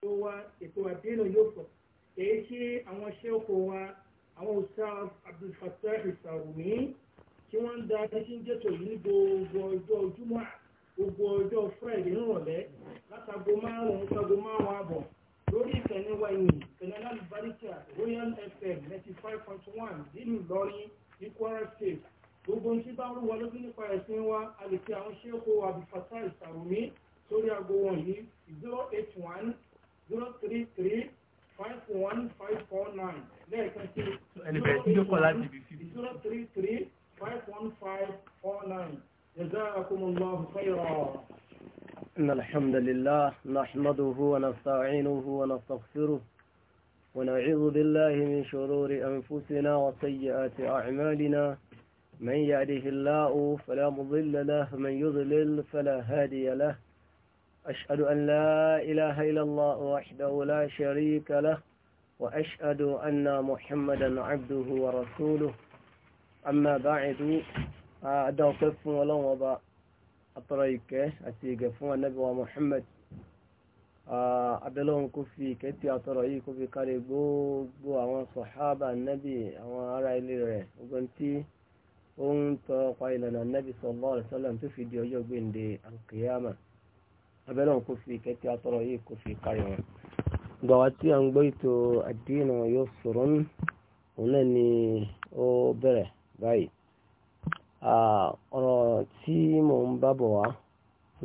tó wá ètò àdéhùn yóò fọ̀ èyí tí àwọn ṣẹ́kọ̀ wa àwọn Ustaz Abdul Fattah Sarumi tí wọ́n ń da títí ń jẹ́tọ̀ yìí ní gbogbo ọjọ́ Jímọ̀ gbogbo ọjọ́ Friday nírọ̀lẹ́ látago márùn-ún sago márùn-ún àbọ̀ lórí ìkànnì wa ìyìn kẹ̀nẹ́lá Royal FM ninety five point one nílùú Ìlọrin ní Kwara State gbogbo ní bá rú wa lójú nípa ẹ̀sìn wa a lè fi àwọn ṣẹ́kọ̀ Abdul Fattah Sarumi sórí aago wọ̀nyí zero eight one. جزاكم الله خيرا إن الحمد لله نحمده ونستعينه ونستغفره ونعوذ بالله من شرور أنفسنا وسيئات أعمالنا من يهده الله فلا مضل له من يضلل فلا هادي له أشهد أن لا إله إلا الله وحده لا شريك له وأشهد أن محمدا عبده ورسوله أما بعد أدعو كف ولا وضع أطريك أتيك فون النبي ومحمد أدلون كفي كتي أطريك في قريبو وعوان صحابة النبي أو أرى إليه وقلتي أنت قائلنا النبي صلى الله عليه وسلم تفيد يوجو بين القيامة abẹ́rẹ́ wọn kò fi kẹ́tí atọ́rọ̀ yìí kò fi kárí wọn. gbà wá tí a ń gbọ́ ètò àdínà yóò sọ̀rọ̀ ní òun náà ni ó bẹ̀rẹ̀ báyìí. ọ̀rọ̀ tí mò ń bá bọ̀ wá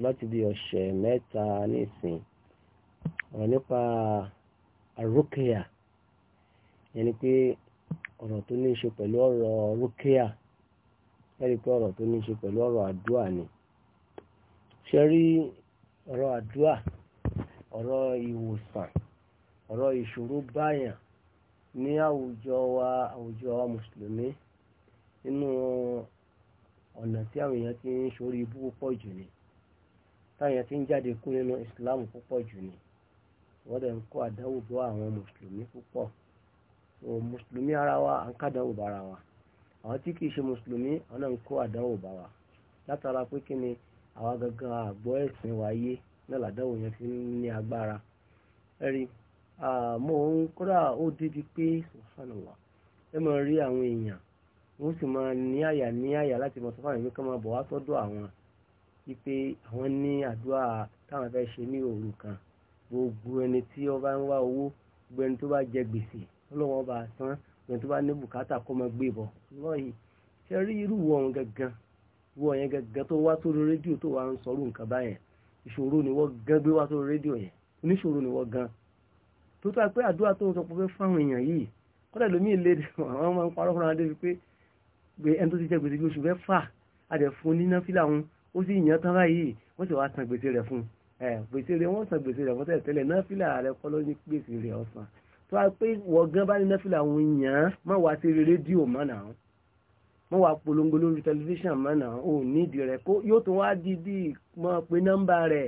láti bí ọ̀sẹ̀ mẹ́ta nísìn ọ̀rọ̀ nípa àrùkẹ́yà yẹn ni pé ọ̀rọ̀ tó ní í ṣe pẹ̀lú ọ̀rọ̀ rúkẹ́yà ẹ̀rí pé ọ̀rọ̀ tó ní í ṣe pẹ̀lú ọ̀rọ̀ àdúrà ni. ṣe rí ọ̀rọ̀ àdúà ọ̀rọ̀ ìwòsàn ọ̀rọ̀ ìṣòro báyàn ní àwùjọ wa àwùjọ wa mùsùlùmí nínú ọ̀nà tí àwọn èèyàn ti ń ṣorí ibú púpọ̀ jù ni táwọn èèyàn ti ń jáde kú nínú Islam púpọ̀ jù ni wọ́n dẹ̀ ń kó àdáwò bọ́ àwọn mùsùlùmí púpọ̀ so mùsùlùmí ara wa à ń kádàwò bára wa àwọn tí kì í ṣe mùsùlùmí àwọn náà ń kó àdáwò bá wa látara pé kí ni àwa gangan àgbọ́ ẹ̀sìn wáyé náà làdáwò yẹn fi ń ní agbára ẹ̀rí mo ń kódà ó débi pé subhanallah ẹ máa rí àwọn èèyàn wọ́n sì máa ní àyà ní àyà láti mọ̀ sọ́fà yìí kán máa bọ̀ wá sọ́dọ̀ àwọn wípé àwọn ní àdúrà táwọn fẹ́ ṣe ní òru kan gbogbo ẹni tí ó bá ń wá owó gbogbo ẹni tó bá jẹ gbèsè ọlọ́wọ́n bá san gbogbo ẹni tó bá ní bùkátà kó máa gbé bọ̀ lọ́yìn ṣe rí irú wọn gangan wọ́n yẹn gẹ́gẹ́ tó wá sórí rédíò tó wá ń sọ̀rọ̀ nǹkan báyẹn ìṣòro ni wọ́n gan gbé wá sórí rédíò yẹn oníṣòro ni wọ́n gan tó tó pé àdúrà tó ń sọ pé fáwọn èèyàn yìí kọ́dà lómi ìlé àwọn máa ń parọ́ fúnra dé pé ẹni tó ti jẹ gbèsè bí oṣù mẹ́fà adẹ̀ fún níná fílà wọn ó sì yàn tán báyìí wọ́n sì wá san gbèsè rẹ̀ fún gbèsè rẹ̀ wọ́n san gbèsè rẹ̀ fún wọ́n wá polongo lórí tẹlifíṣàn mọ́nà ò nídìí rẹ̀ kó yóò tún wá di bí mọ́ pé nọ́mbà rẹ̀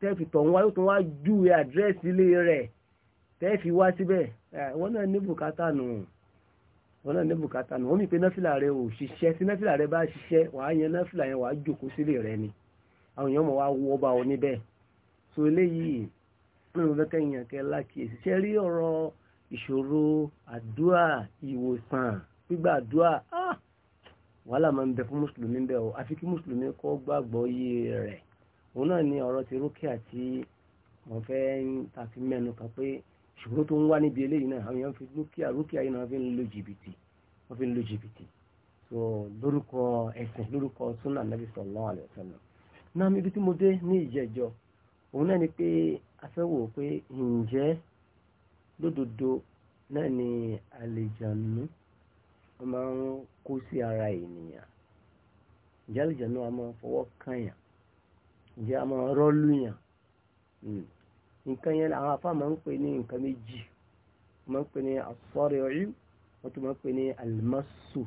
tẹ́ẹ̀fì tọ̀hún wá yóò tún wá júwe àdírẹ́sì ilé rẹ̀ tẹ́ẹ̀fì wá síbẹ̀ wọ́n náà ní bùkátà nù wọ́n náà ní bùkátà nù wọ́n mi pé nọ́fìlà rẹ̀ ò ṣiṣẹ́ tí nọ́fìlà rẹ̀ bá ṣiṣẹ́ wàá yan nọ́fìlà yẹn wàá jókòó sílé rẹ̀ ni àwọn èèyàn mọ̀ wá wọ́ bá ọ níbẹ̀ so eléyìí ìṣòro àdúrà ìwòsàn gbígbàdúrà ah! wàhálà máa ń bẹ fún mùsùlùmí bẹ́ẹ̀ o àfi kí mùsùlùmí kọ́ gbàgbọ́ yé rẹ̀ òun náà ni ọ̀rọ̀ ti rókè àti wọ́n fẹ́ àfi mẹ́nu kan pé ṣòro tó ń wá níbi eléyìí náà àwọn èèyàn fi rúkìá rúkìá yìí náà fi ń lo jìbìtì wọ́n fi ń lo jìbìtì so lórúkọ ẹ̀sìn lórúkọ sunna nabi sallallahu alaihi wasallam náà níbi tí mo dé ní ìjẹjọ òun náà ni pé a fẹ́ wò pé ǹjẹ́ lódodo náà ni àlejànú wọ́n máa ń kó sí ara ènìyàn ǹjẹ́ àlùjànnú a máa fọwọ́ kànyàn ǹjẹ́ a máa rọ́lùyàn hmm. nǹkan yẹn àwọn afá máa ń pè ní nǹkan méjì wọ́n máa ń pè ní asọ́rẹ̀ ọ̀rí wọ́n tún máa ń pè ní alimasu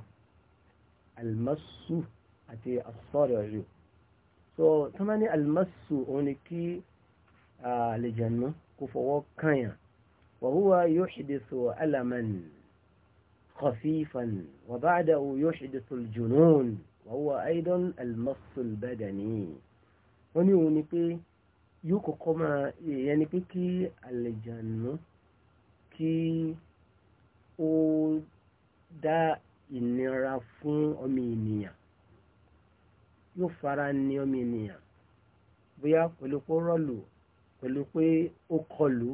alimasu àti asọ́rẹ̀ ọ̀rí so tó máa ní alimasu òun ni kí àlùjànnú kó fọwọ́ kànyàn wa huwa yuhdithu alaman. خفيفا وبعده يحدث الجنون وهو أيضا المص البدني وني وني yóò kọ́kọ́ yẹni pé kí àlejànú kí ó dá ìnira fún ọmọ ènìyàn yóò fara ní ọmọ ènìyàn bóyá pẹ̀lú pé ó rọ̀lù pẹ̀lú pé ó kọlù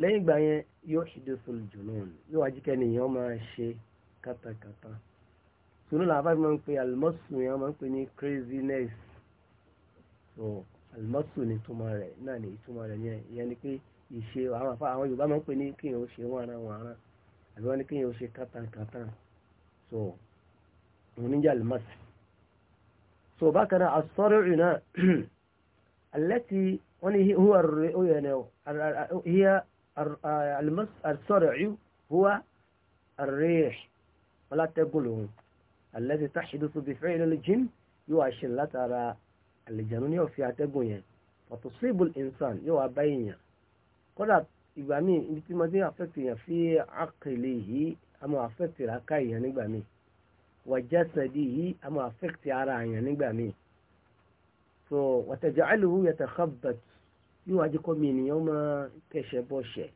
lẹ́yìn ìgbà yẹn yóò ṣíde fún jùlọ́n yóò wájú kẹ́ni èèyàn máa ṣe kátàkátà sùnú làbá fi máa ń pe àlùmọ́sùn yẹn máa ń pe ní craziness so àlùmọ́sùn ni ìtumọ̀ rẹ̀ náà ni ìtumọ̀ rẹ̀ yẹn ìyẹn ni pé ìṣe àwọn àfa àwọn Yorùbá máa ń pe ní kéèyàn ó ṣe wọn ara wọn ara àbí wọn ní kéèyàn ó ṣe kátàkátà so òun níjà àlùmọ́sùn so bákan náà àsọ́rọ̀ ìrìnà alẹ́ ti wọ́n ní hí àṣọrẹ̀ẹ́yù uh, huwa àrẹ́ẹ̀ ọlátẹ́gùn lòun alẹ́sẹ̀ táṣìdó tó bí fẹ́ẹ́ lọ́lẹ́ jìn yóò wá ṣe látara àlìjànú ní ọ̀fẹ́ atẹ́gùn yẹn ọ̀tọ̀ síbùl insan yóò wá bá èèyàn kódà ìgbà míì ibi tí mo ti àfẹ́tì èèyàn fi àkèlè yìí a máa àfẹ́tì ràkà èèyàn nígbà míì wàjẹ́ sẹ̀dí yìí a máa àfẹ́tì ara èèyàn nígbà míì so wàtẹ̀jọ́ àlùhù yẹtẹ̀ xabat yóò wá jẹ́ kọ́ mi ènìyàn máa tẹ̀sẹ̀ bọ̀ṣẹ̀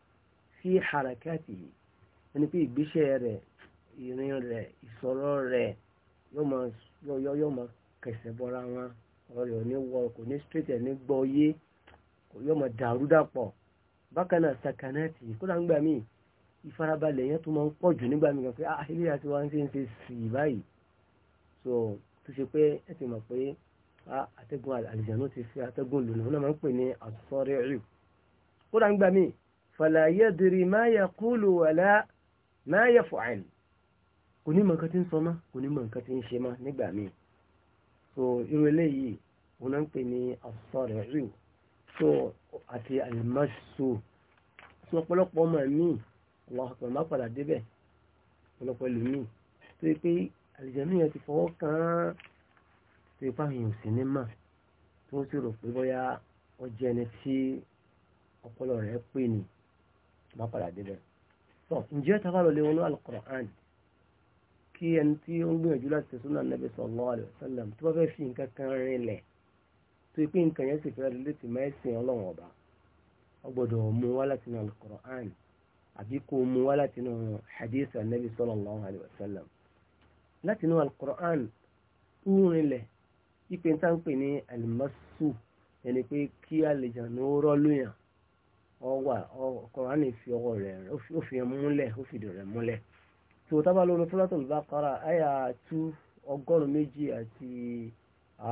sí harakati ẹni pé ìgbésẹ̀ rẹ̀ ìrìn rẹ̀ ìsọ̀rọ̀ rẹ̀ yóò máa kẹsẹ̀ bọ́ra wọn ọ̀rẹ́ ò ní wọ kò ní straight ẹ̀ ní gbọ́ yé kò yóò máa dàrú dàpọ̀ bákan náà sakanati kódà ń gbà mí ìfarabalẹ̀ yẹn tó máa ń pọ̀ nígbà mí kan pé ah ilé àti wa ń ṣe ń ṣe sì báyìí so tó ṣe pé ẹ ti mọ̀ pé atẹ́gùn àlìjànú ti fi atẹ́gùn lòlò wọn máa ń pè ní àtúnṣọ́rí rìu kódà ń gbà mí fala yadri ma yaqulu wala ma yaf'al kò ní mọ̀ nǹkan tí ń sọ mọ́ kò ní mọ̀ nǹkan tí ń ṣe mọ́ nígbà míì so irú eléyìí wọn náà ń pè ní àtúnṣọ́rí rìu so àti àlìmọ́sù so ọ̀pọ̀lọpọ̀ ọmọ mi Allahu má padà débẹ̀ ọ̀pọ̀lọpọ̀ ẹlòmíì tó yẹ pé àlìjànú yẹn ti fọwọ́ kàn tó ipá yìí ò sí ní mà tó sì rò pé bóyá ó jẹ́ ẹni tí ọpọlọ rẹ̀ pè ní má padà débẹ̀. tó ǹjẹ́ ta bá lọ lé wọnú alukur'an kí ẹni tí ó ń gbìyànjú láti tẹ̀sán náà Nabi sallallahu alaihi wasallam tó bá fẹ́ fi nǹkan kan rinlẹ̀ tó ipé nǹkan yẹn sì fẹ́ràn létí mẹ́sìn ọlọ́run ọba ó gbọ́dọ̀ mú wá láti inú alukur'an àbí kó mú wá láti inú hadith ipe tá ń pè ní alimasu ẹni pé kí àlejànú rọ́lùyàn ọwà Kùránì fi ọwọ́ rẹ̀ ó fi múlẹ̀ ó fi dì rẹ̀ múlẹ̀ tí o tábà lónìí Suratul Baqara àyà tú ọgọ́rùn-ún méjì àti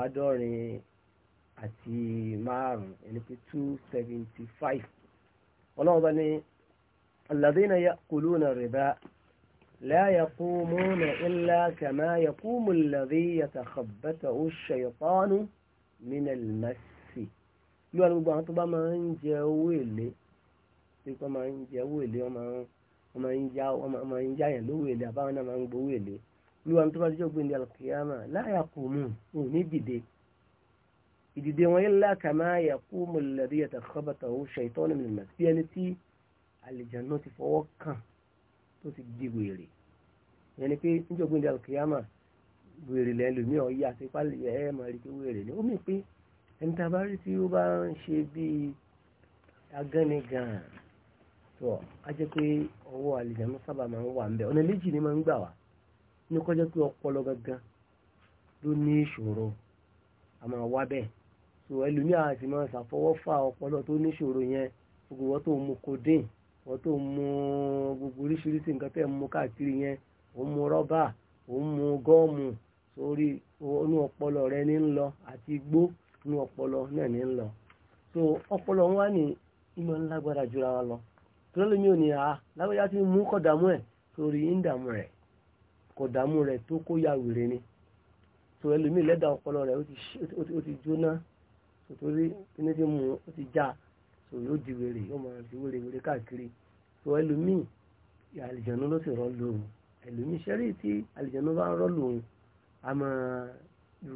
àádọ́rin àti márùn ẹni pé two seventy five ọlọ́run bá ní alladhina ya'kuluna riba. لا يقومون إلا كما يقوم الذي يتخبطه الشيطان من المس ló wà ní gbogbo àwọn tó bá máa ń jẹ owó èlé pípọ́ máa ń jẹ owó èlé wọ́n máa ń já yàn lówó èlé àbáwọn náà máa ń gbowó èlé ló wà ní tó bá dijọ́ gbé ní alkiyama la yaqumun òun ní dìde ìdìde wọn illa kama yaqumul ladhi yatakhabatahu shaytanu min al-mas bí ẹni tí àlìjànnú ti fọwọ́ kàn ó ti di wèrè ìyẹn pé níjọ́gbìn alkiyama wèrè lẹ́lòmí pálí ẹ̀ máa rí pé wèrè ni ó mì ẹni tá a bá rí tí ó bá ń ṣe bíi agánigàn tó a jẹ́ pé ọwọ́ àlìjáná sábà máa ń wà ń bẹ̀ ọ̀nà méjì ni máa ń gbà wá ní wọ́n tó mu gbogbo oríṣiríṣi nǹkan tẹ́ mu káàkiri yẹn ò ń mu rọ́bà ò ń mu gọ́ọ̀mù sórí inú ọpọlọ rẹ ní ń lọ àti igbó inú ọpọlọ náà ní ń lọ so ọpọlọ wọn wá ní ìmọ̀ ńlágbára jura wọn lọ tọ́lọ́ mi ò ní àá ah, lágbájá ti mú kọ́ dààmú ẹ̀ sórí ń dààmú rẹ̀ kọ́ dààmú rẹ̀ tó kó ya wèrè ni so ẹlòmíì lẹ́dà ọpọlọ rẹ̀ ó ti jóná tòtòrí kíní ti mú ó ti já a so yóò di wèrè yóò máa di wèrè wèrè káàkiri so ẹlòmíì àlìjẹ̀nu ló sì rọ́ lóhùn ẹlòmíì ṣẹ́rí tí àlìjẹ̀nu bá ń rọ́ lóhùn a máa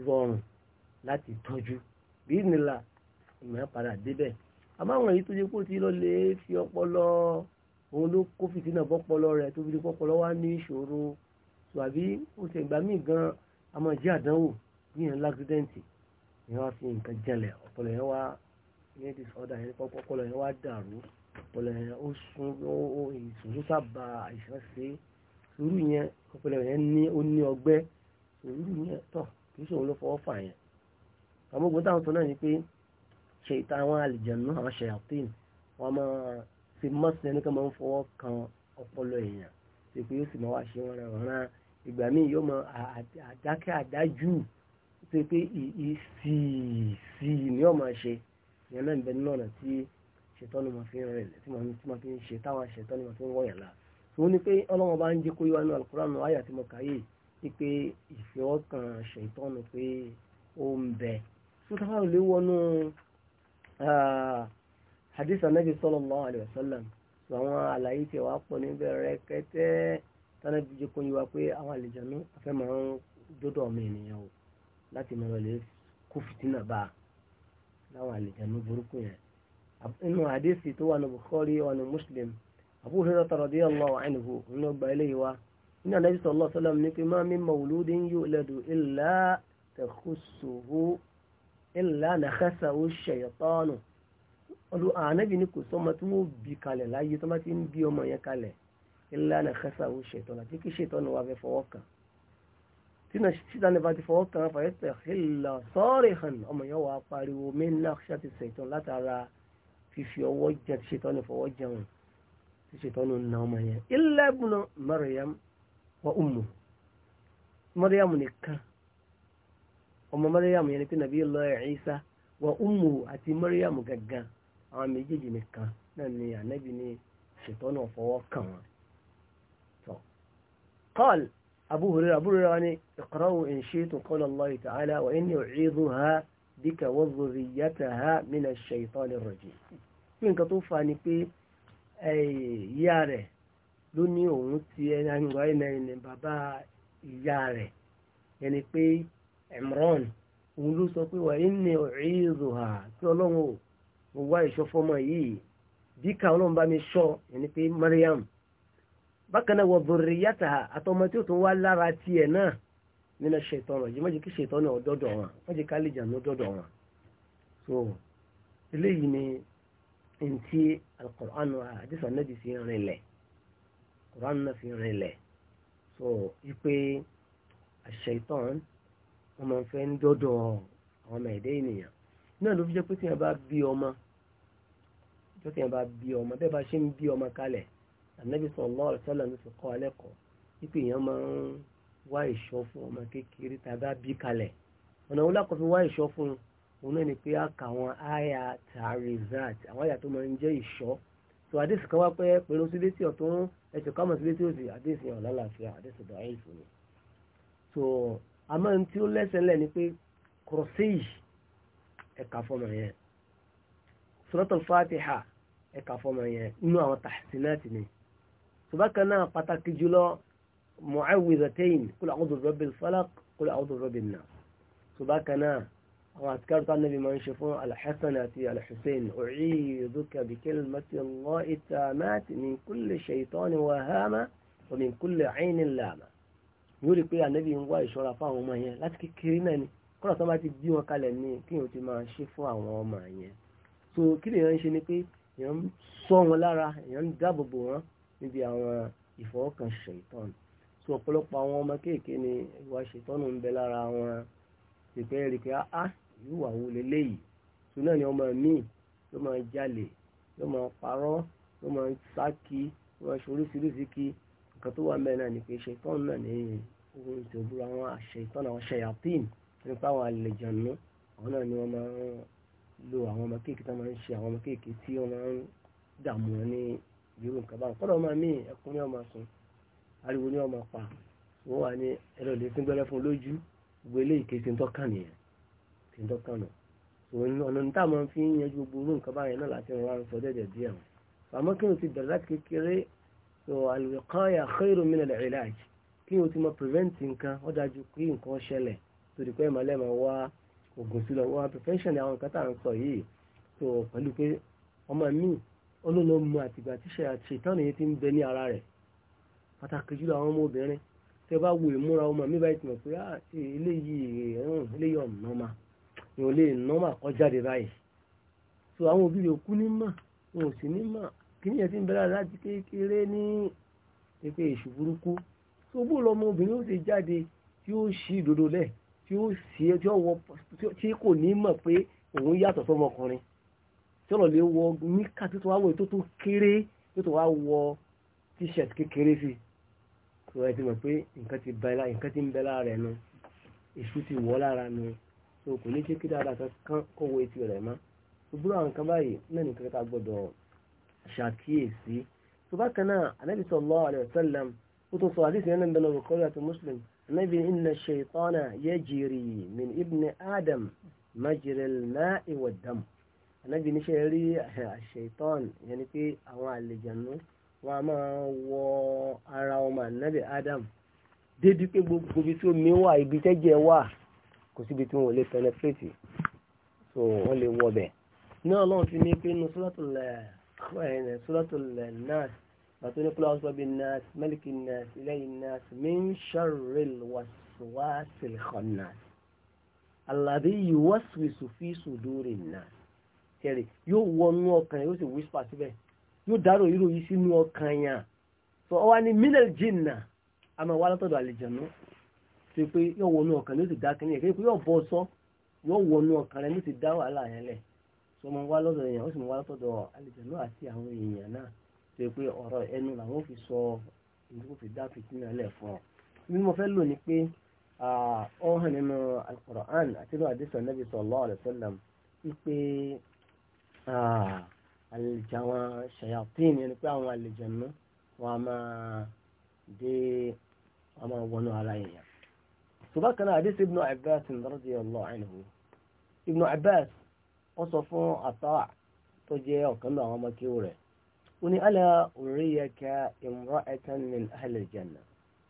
rọrùn láti tọ́jú bí nílà ìmọ̀ padà débẹ̀ àmọ́ àwọn èyí tó jẹ́ kó ti lọ lè fi ọpọlọ òun ló kó fìtínà bọ́pọlọ rẹ̀ tó fi di pọ́pọlọ wá ní ìṣòro so àbí ó ti gbà míì gan a àdánwò bí yẹn ìyẹn wá fi nǹkan jẹlẹ̀ ọpọlọ yẹn wá ní disorder yẹn pọ́pọ́ kọ́lọ̀ yẹn wá dàrú ọ̀pọ̀lọ̀ yẹn ó sún ó ìṣòro sábà àìsàn ṣe irú yẹn ọ̀pọ̀lọ̀ yẹn ní ó ní ọgbẹ́ irú yẹn tọ̀ kì í ṣòro ló fọwọ́ fà yẹn. àwọn ogun táwọn sọ náà ni pé ṣe ìta àwọn àlìjẹ̀nú àwọn ṣèyàtìn wọn máa ṣe mọ́sí ẹni kan máa ń fọwọ́ kan ọpọlọ èèyàn ṣe pé yóò sì máa wá ṣe wọn ràn ìgbà míì yóò mọ àdákẹ́ àdájú ṣe pé ìsì ìsì ni ó máa ṣe ìyẹn náà ń bẹ nínú ọ̀nà tí ṣètọ́nù máa fi ń rẹ̀ tí máa fi ń ṣe táwọn ṣètọ́nù máa fi ń wọ̀yàn la tó ní pé ọlọ́wọ́n bá ń jẹ́ kó yíwá ní alukóránù àyà tí mo kà yìí ní pé ìfẹ́ ọkàn ṣètọ́nù pé ó ń bẹ tó táwọn olè wọnú hadith anabi sallallahu alayhi wa sallam àwọn àlàyé tí wàá pọ̀ níbẹ̀ rẹ́kẹ́tẹ́ tánà jíjẹ kó yíwá pé àwọn àlejò náà afẹ́ máa ń dọ́dọ̀ ọmọ ènìyàn o láti máa láwọn àlejànú burúkú yẹn inú àdéhìsì tó wà ní Bukhari wà ní Muslim Abu Hurairah radiyallahu anhu ní ọgbà ilé wa ní Ànábì sallallahu alaihi wasallam ní pé ma min mawludin yuladu illa takhussuhu illa nakhasahu ash-shaytanu ọdún ànábì ní kò sọmọ tí wọ́n bí kalẹ̀ láyé tó bá ti ń bí ọmọ yẹn kalẹ̀ illa nakhasahu ash-shaytanu àti kí ṣètọ́nù wà fẹ́ fọwọ́ kàn tí náà ṣíṣídà ní bá ti fọwọ́ kan fàyẹ́tẹ̀ hìlà sọ́ọ̀rì hàn ọmọ yẹn wà á pariwo mẹ́ńlá ṣáàtì ṣètò látara fífi ọwọ́ jẹ ti ṣètò ní fọwọ́ jẹun ti ṣètò ní nà ọmọ yẹn. illa ibnu Maryam wa ummu Maryam nìkan ọmọ Maryam yẹn ni pé nabiyullah Isa wa ummu àti Maryam gangan àwọn méjèèjì nìkan náà ni ànábì ní ṣètò náà fọwọ́ kàn wọn abu hurera abu hurera wani iqra'u in shi'tum qala Allah ta'ala wa inni u'idhuha bika wa dhurriyyataha min ash-shaytanir rajim kí nǹkan tó fa ni pé ìyá rẹ̀ ló ní òun ti ẹni àyìnbá ẹni ẹni bàbá ìyá rẹ̀ ẹni pé Imran òun ló sọ pé wà ní u'idhuha tí ọlọ́run ò wá ìṣọ́fọ́mọ yìí bí ká ọlọ́run bá mi ṣọ́ ẹni pé Mariam bákan náà wọ́n bèrè yàtà àtọmọ tí ó tún wá lára tiẹ̀ náà nínú ṣètò ọ̀rọ̀ yìí má jẹ́ kí ṣètò náà dọ́dọ̀ wọn má jẹ́ ká lè jàǹdó dọ́dọ̀ wọn. so eléyìí ni n ti alukọ̀ránù àdìsá nàbì fi rinlẹ̀ kọ̀ránù náà fi rinlẹ̀ so ipe àṣetọ̀ wọn fẹ́ ń dọ́dọ̀ àwọn ọmọ ẹ̀dẹ́ ènìyàn náà ló fi jẹ́ pé tí wọn bá bí ọmọ tí wọn bá bí ọmọ bẹ́ẹ̀ bá ṣe ń bí ọmọ kalẹ̀ ànábì sallallahu alaihi wasallam ló fi kọ́ alẹ́ kọ́ wípé èèyàn máa ń wá ìṣọ́ fún ọmọ kékeré tàbí bí kalẹ̀ ọ̀nà wọn lákọ̀ọ́ fi wá ìṣọ́ fún òun náà ni pé a kà wọn àyà tààrìzàt àwọn àyà tó máa ń jẹ́ ìṣọ́ tó àdéhùn kan wá pé pẹ̀lú sílé tí ọ̀tún ẹ̀sìn kan mọ̀ sílé tí àdéhùn yàn lálàáfíà àdéhùn dọ̀ ẹ̀yìn fún mi. tó àmọ́ ní tí ó lẹ́sẹ̀ ńlẹ̀ ni pé kọ̀rọ̀síyì ẹ̀ka fọmọ ṣùgbọ́n náà pàtàkì jùlọ mu'awwidhatayn qul a'udhu bi rabbil falaq qul a'udhu bi rabbin nas ṣùgbọ́n náà àwọn àtikárù tó anábì máa ń ṣe fún alhassan àti alhussein u'idhuka bi kalimati Allahi tammati min kulli shaytani wa hama wa min kulli 'aynin lama yóò rí pé anábì ń wá ìṣọ́ra fún àwọn ọmọ yẹn láti kékeré náà ni kọ́nà so kí lèèyàn ń ṣe ni pé èèyàn ń sọ wọn níbi àwọn ìfọwọ́kàn ṣètọ́nù so ọ̀pọ̀lọpọ̀ àwọn ọmọ kéèké ni ìwà ṣètọ́nù ń bẹ lára wọn pèpè rí pé á ìwà wo leléyìí so náà ni ọmọ mi ló máa jalè ló máa parọ́ ló máa sákì ló máa ṣoríṣiríṣi kí nǹkan tó wà mẹ́rin náà ni pé ṣètọ́nù náà ní ohun tí ó burú àwọn àṣetọ́nù àwọn ṣẹyàpín nípa àwọn àlejànú àwọn náà ni wọ́n máa ń lo àwọn ọmọ kéèké tó máa ń ṣe àwọn ọmọ kéèké tí wọ́n máa ń dààmú yóò nǹkan báwọn kọ́dọ̀ máa mí ẹkùn ní ọmọ sùn ariwo ní ọmọ pa wọ́n wà ní ẹ̀rọ lè fún gbẹ́rẹ́ fún lójú gbogbo eléyìí kì í ṣe ń tọ́kàn nìyẹn kì í tọ́kàn nù ọ̀nà níta máa fi ń yanjú gbogbo irú nǹkan báyẹn náà láti rọra sọ dẹ́dẹ̀ díẹ̀ wọn àmọ́ kí n ti bẹ̀rẹ̀ láti kékeré al-wiqaya khayrun min al-ilaj kí n ti mọ prevent nǹkan ó dájú kí nǹkan ṣẹlẹ̀ torí pé ìmọ̀lẹ́ máa wá oògùn sílẹ̀ wá prevention àwọn nǹkan tá à ń sọ yìí tó pẹ̀lú pé ọmọ mi ọlọ́lọ́mọ àtìgbà tí ṣètánì yẹn ti ń bẹ ní ara rẹ̀ pàtàkì jùlọ àwọn ọmọbìnrin tẹ bá wo ìmúra ọmọ mi báyìí tìmọ̀ pé ah, eléyìí ẹ̀hún eléyìí ọ̀nàmà ni ò lè nọ́mà kọjáde báyìí so àwọn òbí rẹ̀ kú ní mà wọn ò sì ní mà kí ni ẹ̀ ti ń bẹ̀rẹ̀ láti kékeré ní pépé èṣù burúkú so bó lọmọ obìnrin ó ti jáde tí ó ṣí ìdodo lẹ̀ tí ó sì tí ó wọ tí kò ní mọ̀ pé òun yàtọ̀ sọmọkùnrin tí ọ̀rọ̀ lè wọ níkà tó wá wọ ètò tó kéré tó wá wọ t-shirt kékeré sí tó ẹ ti mọ̀ pé nǹkan ti bẹ́lá nǹkan ti ń bẹ́lá rẹ̀ nu èṣù ti wọ́ lára nu tó kò ní jẹ́ kí dáadáa kankan kó wọ etí rẹ̀ mọ́ gbogbo àwọn kan báyìí náà nìkan ká gbọ́dọ̀ ṣàkíyèsí tó bá kan náà anábì sallallahu alaihi wasallam ó tún sọ àdìsí ẹni bẹ̀rẹ̀ Bukhari àti Muslim anábì inna shaytana yajri min ibni Adam majral ma'i wad ànábì níṣẹ́ rí àṣetán ìyẹn ni pé àwọn àlejànú wọn a máa wọ ara ọmọ ànábì Adam débi pé gbogbo ibi tí omi wà ibi tẹ́jẹ̀ wà kò síbi tí wọn ò lè penetrate so wọn lè wọ bẹ̀ ní ọlọ́run ti ní pé inú suratul suratul Nas bàtú ní kúlọ̀ ọ̀sọ́ bíi Nas mẹ́lìkì Nas ilayhin Nas min sharril waswasil khannas alladhi yuwaswisu fi sudurin Nas tẹ̀rẹ̀ yóò wọnú ọkàn yóò sì whisper síbẹ̀ yóò dárò irú yìí sínú ọkàn yàn so ọwá ní minel jinna a máa wá látọ̀dọ̀ àlejànú ṣe pé yóò wọnú ọkàn yóò sì dá kínní yẹn pé yóò bọ́ sọ yóò wọnú ọkàn rẹ yóò sì dá wàhálà yẹn lẹ̀ so máa wá lọ́dọ̀ èèyàn ó sì máa wá látọ̀dọ̀ àlejànú àti àwọn èèyàn náà ṣe pé ọ̀rọ̀ ẹnu làwọn fi sọ èyí kò fi dá mo fẹ́ lò ní pé ọ̀hún al-Qur'an àti nínú àdìsọ̀ Nabi sallallahu alaihi wasallam wípé Ah, àlejò àwọn ṣayatin yẹn ni pé àwọn àlejò náà wọn a máa dé wọn a máa wọnú ara èèyàn. ṣùgbọ́n kan náà hadith ibn abbas radiyallahu anhu ibn abbas wọ́n sọ fún àtàwà tó jẹ́ ọ̀kan náà àwọn ọmọ kéwù rẹ̀ ó ní ala uriyaka imra'atan min ahli al-janna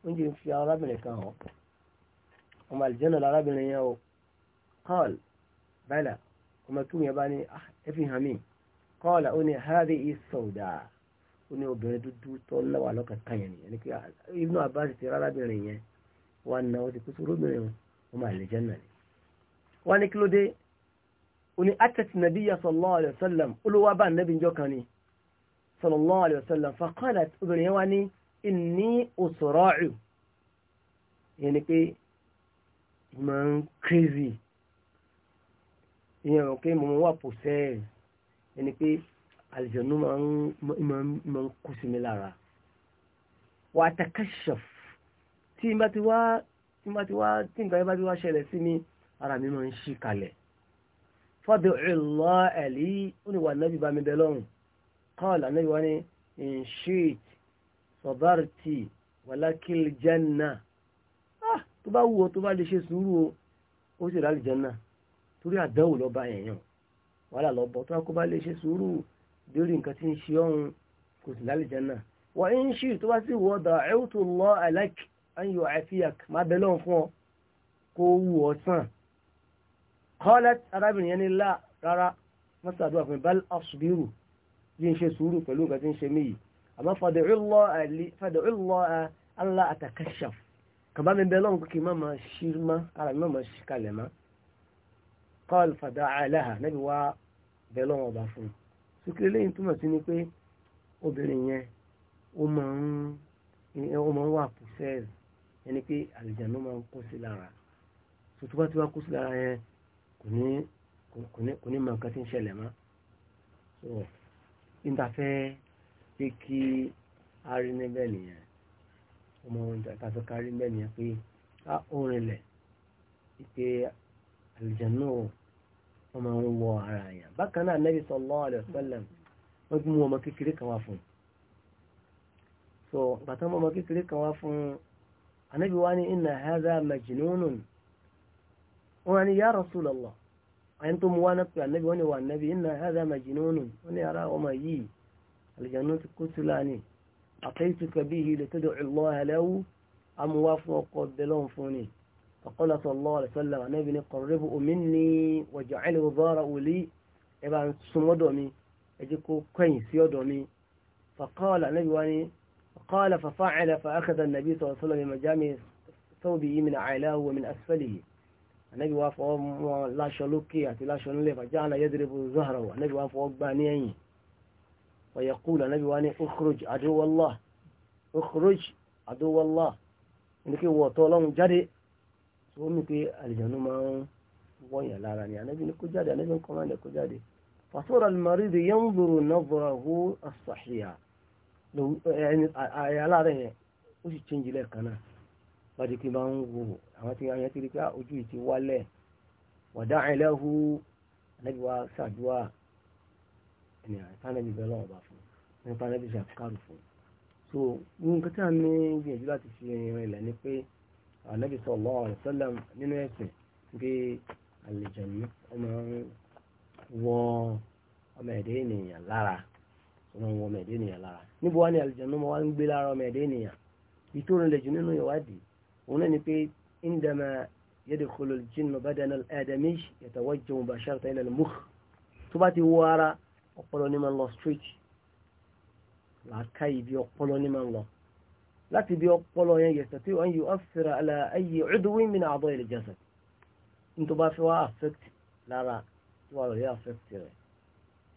oúnjẹ ń fi arábìnrin kan hàn ọmọ àlìjẹ́nà lárábìnrin yẹn o qal bala ọmọ kí wọ́n bá ní ah, ẹ fi hàn mí kọ́ọ̀lá ó ní hàrí ìsọ̀dà ó ní obìnrin dúdú tó lọ́wọ́ lọ́kàn kan yẹn ni pé ah, Ibnu Abbas ti rárábìnrin yẹn wà ní náà ó ti kó sóró obìnrin wọn máa lè jẹ́ nà ni. wọ́n ní kí ló dé ó ní atẹ́tì nàbí yà sallallahu alayhi wa sallam bá nàbí njọ́ kan ni sallallahu alayhi wa sallam obìnrin yẹn wá ní inni usra'u ìyẹn rò pé mo wà pòṣẹ́ ẹni pé àlìjọ̀nù máa ń kú sí mi lára wà á takashaf tí n bá ti wá tí n bá ti wá tí nǹkan bá ti wá ṣẹlẹ̀ sí mi ara mi máa ń ṣí kalẹ̀ fọ́dọ̀ ìlọ́ ẹ̀lí ó ní wà nábì bá mi bẹ lọ́rùn kọ́ọ̀lù ànábì wá ní inshit sabarti wàlákìl janna ah, tó bá wù ọ́ tó bá lè ṣe sùúrù o ó sì rà lìjánná torí àdánwò lọ́ba èèyàn wàhálà lọ́bọ̀ tó kó bá lè ṣe sùúrù lórí nǹkan tí ń ṣe ọ̀hún kò sì lálẹ́jẹ́ náà wà ń ṣì tó bá sì wọ́ ọ̀dà ẹ̀wùtò lọ àlàk ayò àfihàn má bẹ́ lọ́n fún ọ kó wù ọ sàn. kọ́lẹ́t arábìnrin yẹn ní là rárá wọ́n sàdúrà fún mi bá ọ̀ṣùbírù bí ń ṣe sùúrù pẹ̀lú nǹkan tí ń ṣe mí yìí àmọ́ fàdé ìlọ́ àlá àtàkàṣà kàbá mi bẹ́ lọ́n kí n má máa ṣí má ara mi má máa ṣí kalẹ̀ máa kọ́ọ̀lù fàdá aláhà níbi wá bẹ́ẹ̀ lọ́wọ́ ọba fún un sókè lẹ́yìn túmọ̀ sí ni pé obìnrin yẹn ó máa ń ó máa ń wà pùsẹ́ẹ̀s ẹni pé àlùjànnú máa ń kó sí lára tó tó bá ti wá kó sí lára yẹn kò ní kò ní ń ṣẹlẹ̀ mọ́ so ìtafẹ́ pé kí a rí níbẹ̀ nìyẹn ọmọ ìtafẹ́ ká rí níbẹ̀ nìyẹn pé a ó rinlẹ̀ pé àlùjànnú náà wọ́n máa ń wọ ara àyàn bákan náà nẹ́bí sallallahu alaihi wasallam wọ́n ti mú ọmọ kékeré kan wá fún un so bàtà ọmọ kékeré kan wá fún un anábì wá ní inna hadha majnunun wọ́n á ní ya Rasulullah àyìn tó mú wá náà pé anábì wọ́n ní wà anábì inna hadha majnunun wọ́n ní ara ọmọ yìí àlùjànnú ti kó tu láàánì ataytuka bihi litad'u Allah lahu amúwá fún ọkọ̀ bẹ́lọ́n fún ni. فقال صلى الله عليه وسلم النبي قربه مني وجعله ظهره لي ẹ̀bá ń sun lọ́dọ̀ mi ẹjí kó kẹ́yìn sí ọ̀dọ̀ mi fàkọ́ọ̀lá níbi wá ní kọ́ọ̀lá fàfáàlá fàákàtà nàbí sọ̀rọ̀sọ́lọ̀ mi majami sọ́bì yìí mi àìláwò mi asfẹ́lì yìí anábi wá fọwọ́ mọ́ láṣọ lókè àti láṣọ nílẹ̀ fàjáàlá yẹ́dẹ̀rẹ́ bó zọ́hara wà anábi wá fọwọ́ gbá ní ẹ̀yìn wàyẹ̀kúlù anábi wá ní ukhruj aduwallah ukhruj aduwallah ní kí wọ́ọ̀tọ́ ọlọ́run jáde tó ní pé àlìjànú máa ń wọ̀nyàn lára ni ànábì ní kó jáde ànábì ń kọ́ máa ń lẹ̀ kó jáde fasura al-marid yanzuru nazrahu as-sahiha àyà lára yẹn ó sì change lẹ́ẹ̀kan náà bá di pé máa ń wò àwọn tí wọ́n yẹn ti rí pé ah, ojú yìí ti wálẹ̀ wada'a lahu ànábì wa ṣàdúrà ẹni àtànàbì bẹ́ẹ̀ lọ́wọ́ bá fún ẹni àtànàbì ṣàkárù fún so nǹkan tí a ní gbìyànjú láti fi rìn rìn lẹ́ ni pé anabi sallallahu alaihi wasallam nínú ẹ̀sìn pé àlùjànnú ọmọ wọ ọmọ ẹ̀dẹ́ ènìyàn lára ọmọ wọ ọmọ ẹ̀dẹ́ ènìyàn lára níbo wá ní àlùjànnú ọmọ wa ń gbé lára ọmọ ẹ̀dẹ́ ènìyàn ìtòrìnlẹ jù nínú ìwádìí òun náà ni pé indama yadkhulu al-jinnu badana al-adami yatawajjahu mubasharatan ila al-mukh tó bá ti wọ ara ọpọlọ ní ma lọ straight làákàyè bí ọpọlọ ní ma lọ láti bí ọpọlọ yẹn yẹ̀sẹ̀ tí wọ́n yóò ọ́fẹ́ra ala ayé ọdúnwó mi náà àbọ̀ ilẹ̀ jẹ́sẹ̀ ní tó bá fẹ́ wá affect lára tí wọ́n rí affect rẹ̀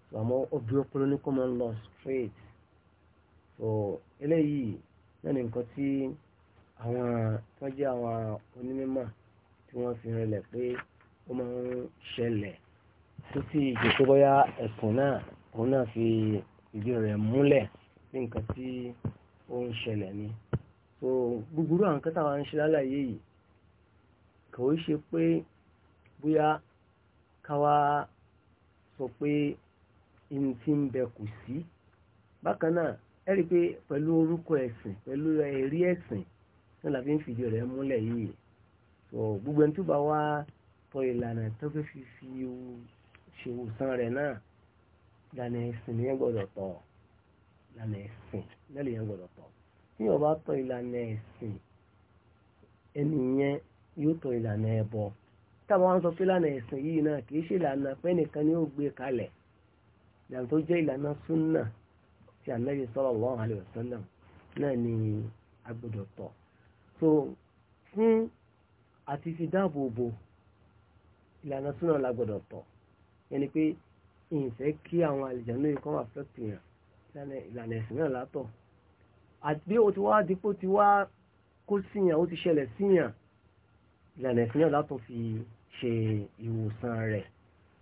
tó àmọ́ ọbí ọpọlọ ní common law straight so eléyìí náà ní nǹkan tí àwọn tó jẹ́ àwọn onímọ̀ tí wọ́n fi rinlẹ̀ pé ó máa ń ṣẹlẹ̀ tó sì jẹ́ pé náà òun náà fi ìdí rẹ̀ múlẹ̀ sí nǹkan tí ó ṣẹlẹ̀ ni so gbogbo àwọn kẹta wa ń ṣe lálàyé yìí kò í ṣe pé bóyá káwa sọ pé n ti ń bẹ kù sí bákan náà ẹ rí i pé pẹ̀lú orúkọ ẹ̀sìn pẹ̀lú ẹ̀rí ẹ̀sìn náà la fi ń fìdí rẹ̀ múlẹ̀ yìí so gbogbo ẹni tó bá wá tọ ìlànà tó fẹ́ fi fi ṣe òsàn rẹ̀ náà ìlànà ẹ̀sìn nìyẹn gbọ́dọ̀ tọ̀ ìlànà ẹ̀sìn lẹ́lẹ̀ yẹn gbọ́dọ̀ tọ̀ tí o bá tọ̀ ìlànà ẹ̀sìn ẹni yẹn yóò tọ̀ ìlànà ẹbọ táwọn wọn sọ pé ìlànà ẹ̀sìn yìí náà kì í ṣe ìlànà pé nìkan ni ó gbé kalẹ̀ ìlànà tó jẹ́ ìlànà súnà tí Ànábì sallallahu alaihi wasallam náà ni a gbọ́dọ̀ tọ̀ so fún àti fi dáàbò bò ìlànà súnà la gbọ́dọ̀ tọ̀ yẹn ni pé ìfẹ́ kí àwọn àlìjáná yìí kọ́ wà fẹ́ pìyàn ìlànà ẹ̀sìn náà látọ̀ àti bí o ti wá dípò ti wá kó síyàn ó ti ṣẹlẹ̀ síyàn ìlànà ẹ̀sìn náà látọ̀ fi ṣe ìwòsàn rẹ̀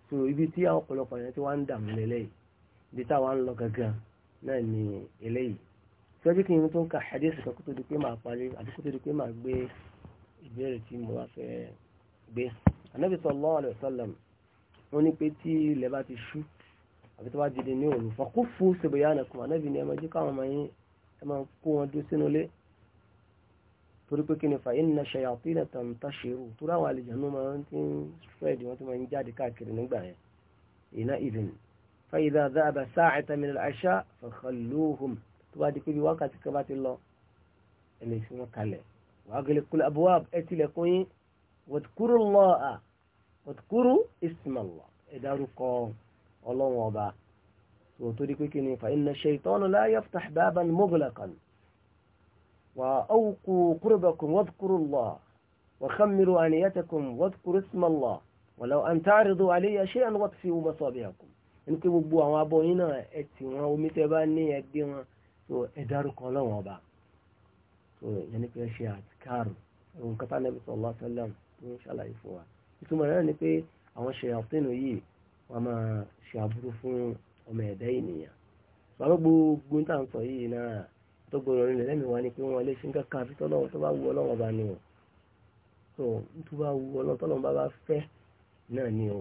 so ibi tí ọ̀pọ̀lọpọ̀ yẹn ti wá ń dààmú lélẹ́yìí ibi táwa ń lọ gangan náà ni eléyìí sọ́jú kí n tó ń ka hadith kan kó tó di pé máa parí àbí kó tó di pé máa gbé ìbéèrè tí mo wá fẹ́ gbé anabi sallallahu alaihi wasallam ó ní pé tí ilẹ̀ bá ti ṣú àbí tó bá dìde ní òru fọkú fún ṣèbòyànà kùmà náà bí ní ẹmọ jíkà wọn yín ẹ máa kó wọn dó sínú ilé torí pé kí ni fa inna shayatina tantashiru torí àwọn àlejànú máa ń tí ń spread wọn tó máa ń jáde káàkiri nígbà yẹn iná ìdìn fa idha dhahaba sa'atan min al-'asha fa khalluhum tó bá di pé bí wákàtí kan bá ti lọ ẹlẹ́ sí wọn kalẹ̀ wa aghliqul abwab ẹ tilẹ̀kùn yín wadhkuru Allaha wadhkuru isma Allah ẹ dárúkọ ọlọ́run ọba tó torí pé kí ni fa inna shaytana la yaftah baban mughlaqan wa awqu qurbakum wadhkurullah wa khammiru aniyatakum wadhkuru ismallah walaw an ta'ridu alayya shay'an watfi'u masabihakum ẹni pé gbogbo àwọn abọ́ yín náà ẹ tì wọn omi tẹ bá ní ẹgbẹ́ wọn tó ẹ dárúkọ ọlọ́run ọba tó yẹn ni pé ẹ ṣe ìtumọ̀ náà ni pé àwọn ṣèyàtínú yìí wọ́n á máa ṣe aburú fún ọmọ ẹ̀dá ènìyàn bàbá gbogbo ń tà ń sọ yìí náà tó gbọdọ̀ nílẹ̀ lẹ́mìí wá ni pé wọ́n lè ṣe ń kankan àfi tọ́lọ́wọ́ tó bá wu ọlọ́wọ́ bá ní o tó tó bá wu ọlọ́wọ́ tọ́lọ́wọ́ bá bá fẹ́ náà ní o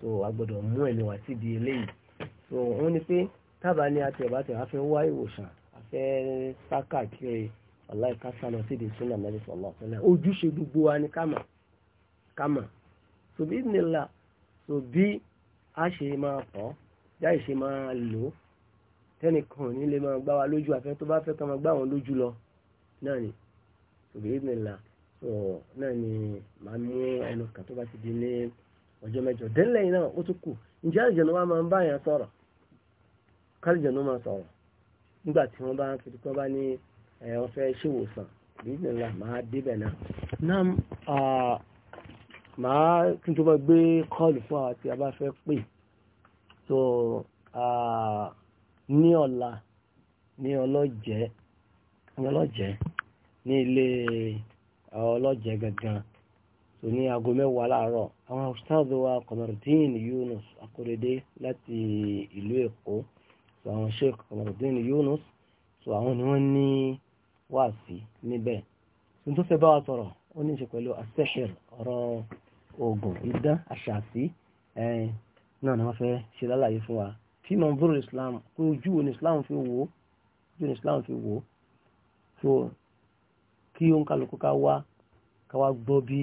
tó a gbọdọ̀ mú ẹ̀mí wá síbi eléyìí tó wọ́n ní pé tábà ní àti ẹ̀bá tẹ̀ wá fẹ́ wá ìwòsàn afẹ́ sáká kiri ọ̀láìka sálọ síbi súnà mẹ́rin sọ̀lọ́ ọ̀fẹ́lẹ́ a ṣe máa pọ̀ jáì ṣe máa lò ó tẹ́nìkan ní lè máa gbá wa lójú àfẹ́ tó bá fẹ́ ká máa gbá wọn lójú lọ náà ni òbí nìlà sọ náà ni màá mú ẹnu kan tó bá ti di ní ọjọ́ mẹ́jọ délẹ̀ náà ó tún kù ǹjẹ́ àlùjẹ̀nu wa máa ń bá yẹn sọ̀rọ̀ kálùjẹ̀nu máa sọ̀rọ̀ nígbà tí wọ́n bá ń fi kọ́ bá ní ẹ̀yọ́ fẹ́ ṣèwòsàn òbí nìlà màá débẹ̀ náà. náà máa kí n tó bá gbé kọ́ọ̀lù fún àwọn tí a bá fẹ́ pè so ní ọ̀la ní ọlọ́jẹ́ ní ọlọ́jẹ́ ní ilé ọlọ́jẹ́ gangan so ní aago mẹ́wàá láàárọ̀ àwọn ustaadu wa Kamarudin Yunus Akorede láti ìlú Èkó so àwọn sheikh Kamarudin Yunus so àwọn ni wọ́n ní wáàsí níbẹ̀ so tó fẹ́ bá wa sọ̀rọ̀ ó ní í pẹ̀lú asẹ́hìr ọ̀rọ̀ oògùn idán àṣàsí náà ni wọ́n fẹ́ ṣe lálàyé fún wa tí manzuru islam pé ojú wo ni islam fi wò ó ojú ni islam fi wò ó so kí ó ń kálukú ká wá ká wá gbọ́ bí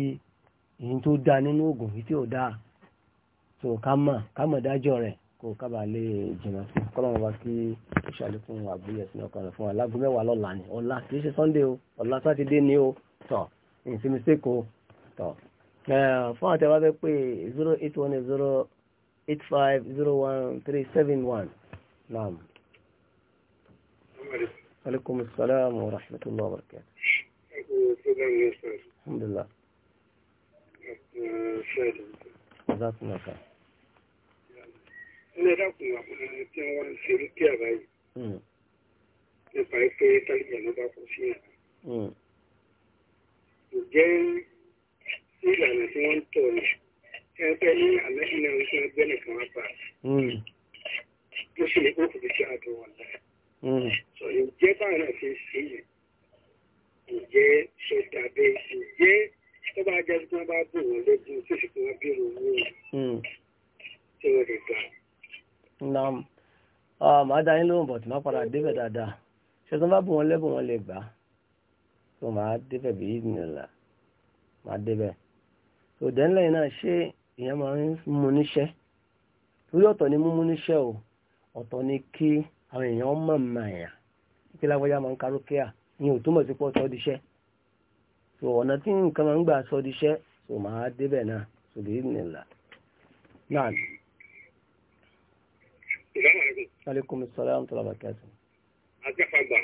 èyí tó dáa nínú oògùn yìí tí ò dáa so ká mọ̀ ká mọ̀ dájọ́ rẹ̀ kó ká bàa lè jìnnà sí kọ́lọ́mọ̀ bá kí ìṣàlékún àgbéyẹ̀ sínú ọkàn rẹ̀ fún wa lágùn mẹ́wàá lọ́la ni ọ̀la kì í ṣe sunday o ọ̀la sátidé ni o tọ̀ ìsinmi sẹ́kọ̀ọ́ tọ̀. Eh, fún àtẹ̀wá fẹ́ pé zero eight one zero wa rahmatulah wa barakatuh. alhamdulilah. jazakum allah khair. ilé dàkún àwọn ẹni tí wọ́n ń ṣe rúkìá báyìí hmm. nípa pé tálíbà ló bá kó sí yàrá. Hmm. ǹjẹ́ sí ìlànà tí wọ́n ń tọ̀ ni tí wọ́n fẹ́ ní àlẹ́sìn náà ń fún ẹgbẹ́ nìkan wá pa hmm. bó ṣe lè kókò sí àdùn wọn hmm. náà sọ ǹjẹ́ báwọn náà fi ń sí yìí ǹjẹ́ ṣe dàbẹ́ ǹjẹ́ tó bá jẹ́ tí wọ́n bá bò wọ́n lójú tó sì fún wọn bí owó tí wọ́n lè gbà. naam màá dá yín lóhùn bọ̀tí má padà débẹ̀ dáadáa ṣé tó bá bò wọ́n lẹ́bùn wọn lè gbà tó màá débẹ̀ bí ìdìnnà màá débẹ̀ dẹ́nlẹ̀ náà ṣé èèyàn máa ń mú níṣẹ́ lórí ọ̀tọ̀ ni múmú níṣẹ́ o ọ̀tọ̀ ni kí àwọn èèyàn mọ̀ màyà kí lágbájá máa ń karókèà ìyẹn ò túmọ̀ sí pọ̀ sọ́díṣẹ́ so ọ̀nà tí nǹkan máa ń gbà sọ́díṣẹ́ so máa débẹ̀ náà so lè nìlà náà. aleykum salaam tó lábàkẹ́ àti. àti àfàgbà.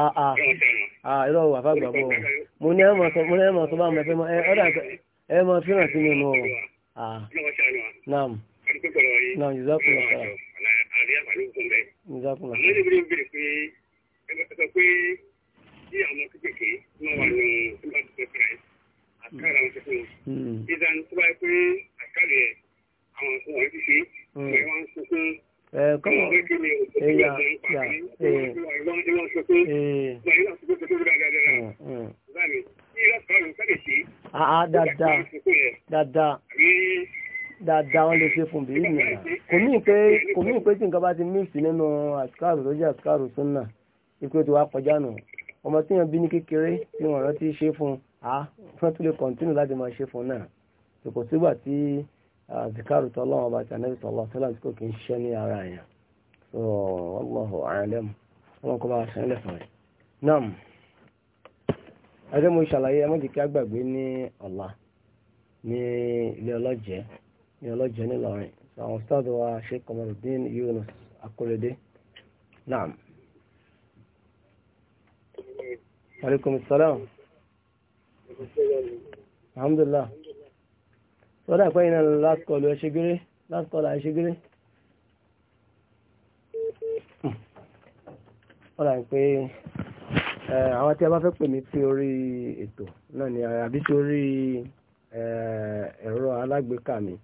àà àà irọ́ àfàgbà bò mo ní ẹ̀ mọ̀ sọ bá mi fẹ́ mọ́ ẹ̀ ọ́dà ẹ mọ fíran sí mi nù ah. ah. ọ. naam naam jùzọ́kùn lọ sọ̀rọ̀. jùzọ́kùn lọ sọ̀rọ̀. àmọ́ ìdílé bèrè pé ẹ sọ pé tí àwọn kékeré wọn wà nù nígbà tó fẹ́ fẹ́ àkàrà wọn tuntun. Hmm. ìdáni tó bá yẹ pé àkàrà yẹ àwọn ọkùnrin ti ṣe hmm. wọn sunkún. dáadáa dáadáa dáadáa wọ́n lè ṣe fún bí ìnìyàn kò kò mí pé tí nǹkan bá ti mix nínú àsìkáàrò tó jẹ́ àsìkáàrò ipò tó kọjá nù ọmọ tí wọ́n bí ní kékeré tí wọ́n rántí ṣe fún a wọ́n tún lè kọ̀ǹtínù láti máa ṣe fún náà kò tí àzìkárù tó ọlọ́run ọba tànẹ́bí sọ̀lọ́ sọ́lá tí kò kí ń ṣiṣẹ́ ní ara èèyàn so Allahu a'lam wọn kọ́ bá aṣọ nílẹ̀ fún rẹ̀ nam ẹgbẹ́ mo ṣàlàyé ẹmọ́jì kí agbàgbé ní ọ̀la ní ilé ọlọ́jẹ́ ní ọlọ́jẹ́ nílọrin àwọn ustaadu wa Sheikh Kamaluddin Yunus Akorede nam. aleykum salaam alhamdulilah lọ́dà pé iná last call ẹ ṣe géré last call ẹ ṣe géré ọ̀rà ń pé àwọn tí a bá fẹ́ pè mí sí orí ètò náà ni àbí sí orí ẹ̀rọ alágbèéká mi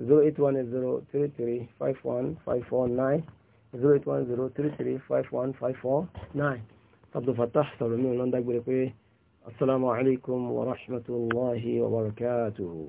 zero eight one zero three three five sọ̀rọ̀ mi ò lọ́ndàgbére pé asalaamualeykum wa rahmatulahi wa barakatuhu.